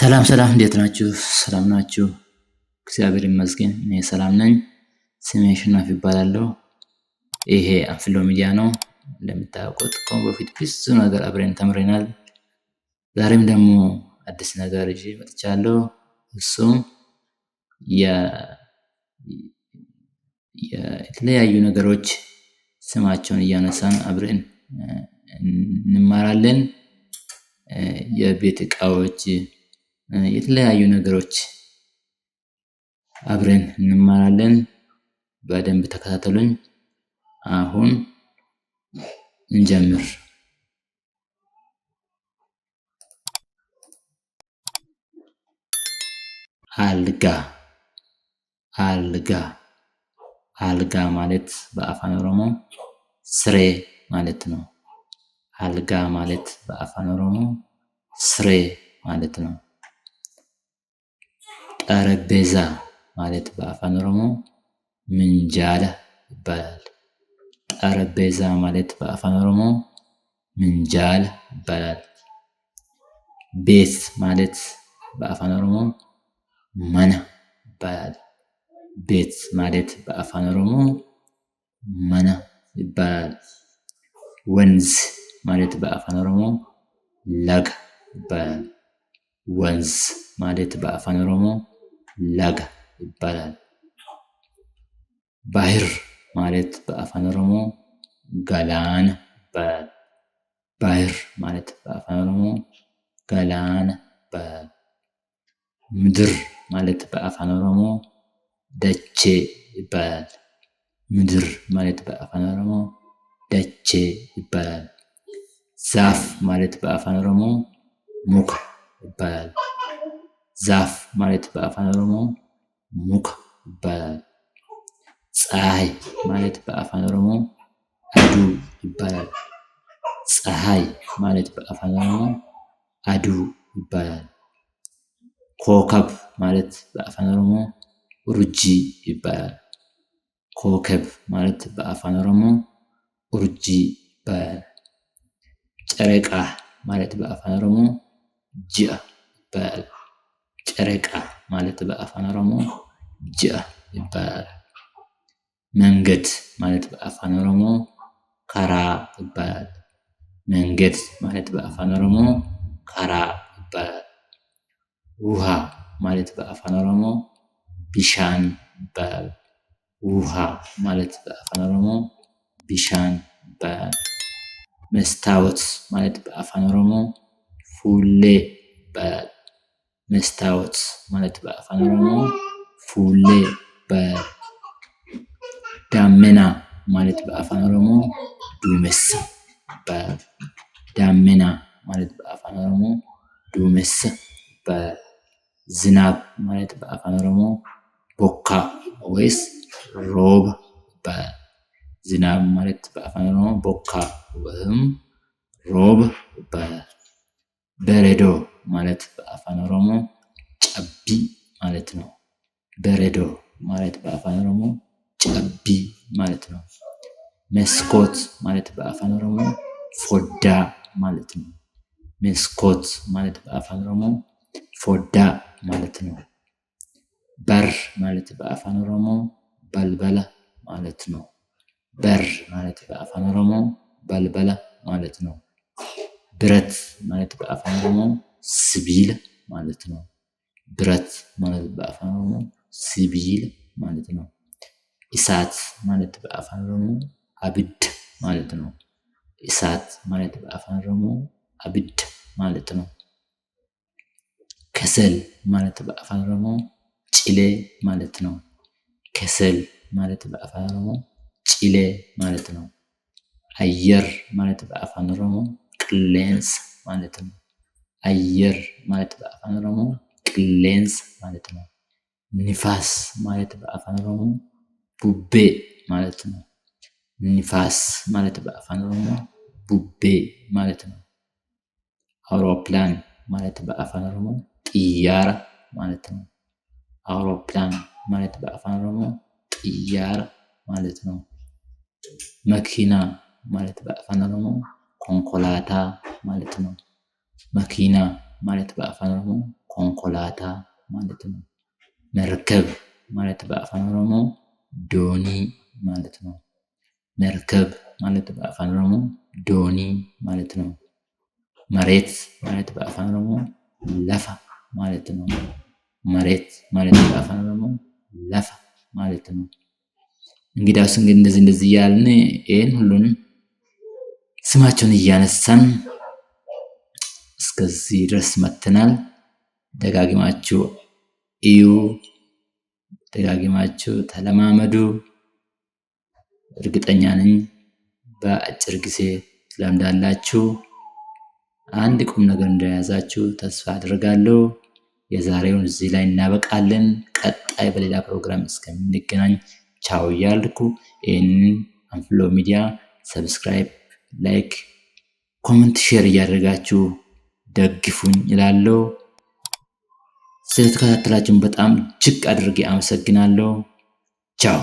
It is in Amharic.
ሰላም ሰላም፣ እንዴት ናችሁ? ሰላም ናችሁ? እግዚአብሔር ይመስገን፣ እኔ ሰላም ነኝ። ስሜ ሽናፍ ይባላለሁ። ይሄ አንፍሎ ሚዲያ ነው። እንደምታውቁት ከአሁን በፊት ብዙ ነገር አብረን ተምረናል። ዛሬም ደግሞ አዲስ ነገር ይዤ መጥቻለሁ። እሱም የተለያዩ ነገሮች ስማቸውን እያነሳን አብረን እንማራለን። የቤት እቃዎች የተለያዩ ነገሮች አብረን እንማራለን። በደንብ ተከታተሉን። አሁን እንጀምር። አልጋ አልጋ አልጋ ማለት በአፋን ኦሮሞ ስሬ ማለት ነው። አልጋ ማለት በአፋን ኦሮሞ ስሬ ማለት ነው። ጠረጴዛ ማለት በአፋን ኦሮሞ ምንጃለ ይባላል። ጠረጴዛ ማለት በአፋን ኦሮሞ ምንጃለ ይባላል። ቤት ማለት በአፋን ኦሮሞ መና ይባላል። ቤት ማለት በአፋን ኦሮሞ መና ይባላል። ወንዝ ማለት በአፋን ኦሮሞ ለጋ ይባላል። ወንዝ ማለት በአፋን ኦሮሞ ላጋ ይባላል። ባህር ማለት በአፋን ኦሮሞ ገላና ይባላል። ባህር ማለት በአፋን ኦሮሞ ገላና ይባላል። ምድር ማለት በአፋን ኦሮሞ ደቼ ይባላል። ምድር ማለት በአፋን ኦሮሞ ደቼ ይባላል። ዛፍ ማለት በአፋን ኦሮሞ ሙክ ይባላል። ዛፍ ማለት በአፋን ኦሮሞ ሙክ ይባላል። ፀሐይ ማለት በአፋን ኦሮሞ አዱ ይባላል። ፀሐይ ማለት በአፋን ኦሮሞ አዱ ይባላል። ኮከብ ማለት በአፋን ኦሮሞ ኡርጂ ይባላል። ኮከብ ማለት በአፋን ኦሮሞ ኡርጂ ይባላል። ጨረቃ ማለት በአፋን ኦሮሞ ጅአ ይባላል። ጨረቃ ማለት በአፋን ኦሮሞ ጅአ ይባላል። መንገድ ማለት በአፋን ኦሮሞ ካራ ይባላል። መንገድ ማለት በአፋን ኦሮሞ ካራ ይባላል። ውሃ ማለት በአፋን ኦሮሞ ቢሻን ይባላል። ውሃ ማለት በአፋን ኦሮሞ ቢሻን ይባላል። መስታወት ማለት በአፋን ኦሮሞ ፉሌ ይባላል። መስታወት ማለት በአፋን ኦሮሞ ፉሌ በዳመና ማለት በአፋን ኦሮሞ ዱመሳ በዳመና ማለት በአፋን ኦሮሞ ዱመሳ በዝናብ ማለት በአፋን ኦሮሞ ቦካ ወይስ ሮብ፣ በዝናብ ማለት በአፋን ኦሮሞ ቦካ ወይም ሮብ በበረዶ ማለት በአፋን ኦሮሞ ጨቢ ማለት ነው። በረዶ ማለት በአፋን ኦሮሞ ጨቢ ማለት ነው። መስኮት ማለት በአፋን ኦሮሞ ፎዳ ማለት ነው። መስኮት ማለት በአፋን ኦሮሞ ፎዳ ማለት ነው። በር ማለት በአፋን ኦሮሞ በልበላ ማለት ነው። በር ማለት በአፋን ኦሮሞ በልበላ ማለት ነው። ብረት ማለት በአፋን ኦሮሞ ስቢለ ማለት ነው። ብረት ማለት በአፋን ስቢለ ማለት ነው። እሳት ማለት በአፋን ኦሮሞ አብድ ማለት ነው። እሳት ማለት በአፋን ኦሮሞ አብድ ማለት ነው። ከሰል ማለት በአፋን ኦሮሞ ጭሌ ማለት ነው። ከሰል ማለት በአፋን ኦሮሞ ጭሌ ማለት ነው። አየር ማለት በአፋን ኦሮሞ ቅሌንስ ማለት ነው። አየር ማለት በአፋን ኦሮሞ ቅሌንስ ማለት ነው። ንፋስ ማለት በአፋን ኦሮሞ ቡቤ ማለት ነው። ንፋስ ማለት በአፋን ኦሮሞ ቡቤ ማለት ነው። አውሮፕላን ማለት በአፋን ኦሮሞ ጥያራ ማለት ነው። አውሮፕላን ማለት በአፋን ኦሮሞ ጥያራ ማለት ነው። መኪና ማለት በአፋን ኦሮሞ ኮንኮላታ ማለት ነው። መኪና ማለት በአፋን ኦሮሞ ኮንኮላታ ማለት ነው። መርከብ ማለት በአፋን ኦሮሞ ዶኒ ማለት ነው። መርከብ ማለት በአፋን ኦሮሞ ዶኒ ማለት ነው። መሬት ማለት በአፋን ኦሮሞ ለፋ ማለት ነው። መሬት ማለት በአፋን ኦሮሞ ለፋ ማለት ነው። እንግዲያውስ እንደዚህ እንደዚህ እያልን ይህን ሁሉንም ስማቸውን እያነሳን እስከዚህ ድረስ መትናል። ደጋግማችሁ እዩ፣ ደጋግማችሁ ተለማመዱ። እርግጠኛ ነኝ በአጭር ጊዜ ለምዳላችሁ አንድ ቁም ነገር እንደያዛችሁ ተስፋ አድርጋለሁ። የዛሬውን እዚህ ላይ እናበቃለን። ቀጣይ በሌላ ፕሮግራም እስከምንገናኝ ቻው እያልኩ ይህንን አንፍሎ ሚዲያ ሰብስክራይብ፣ ላይክ፣ ኮመንት፣ ሼር እያደረጋችሁ ደግፉኝ ይላለው። ስለተከታተላችሁን በጣም እጅግ አድርጌ አመሰግናለሁ። ቻው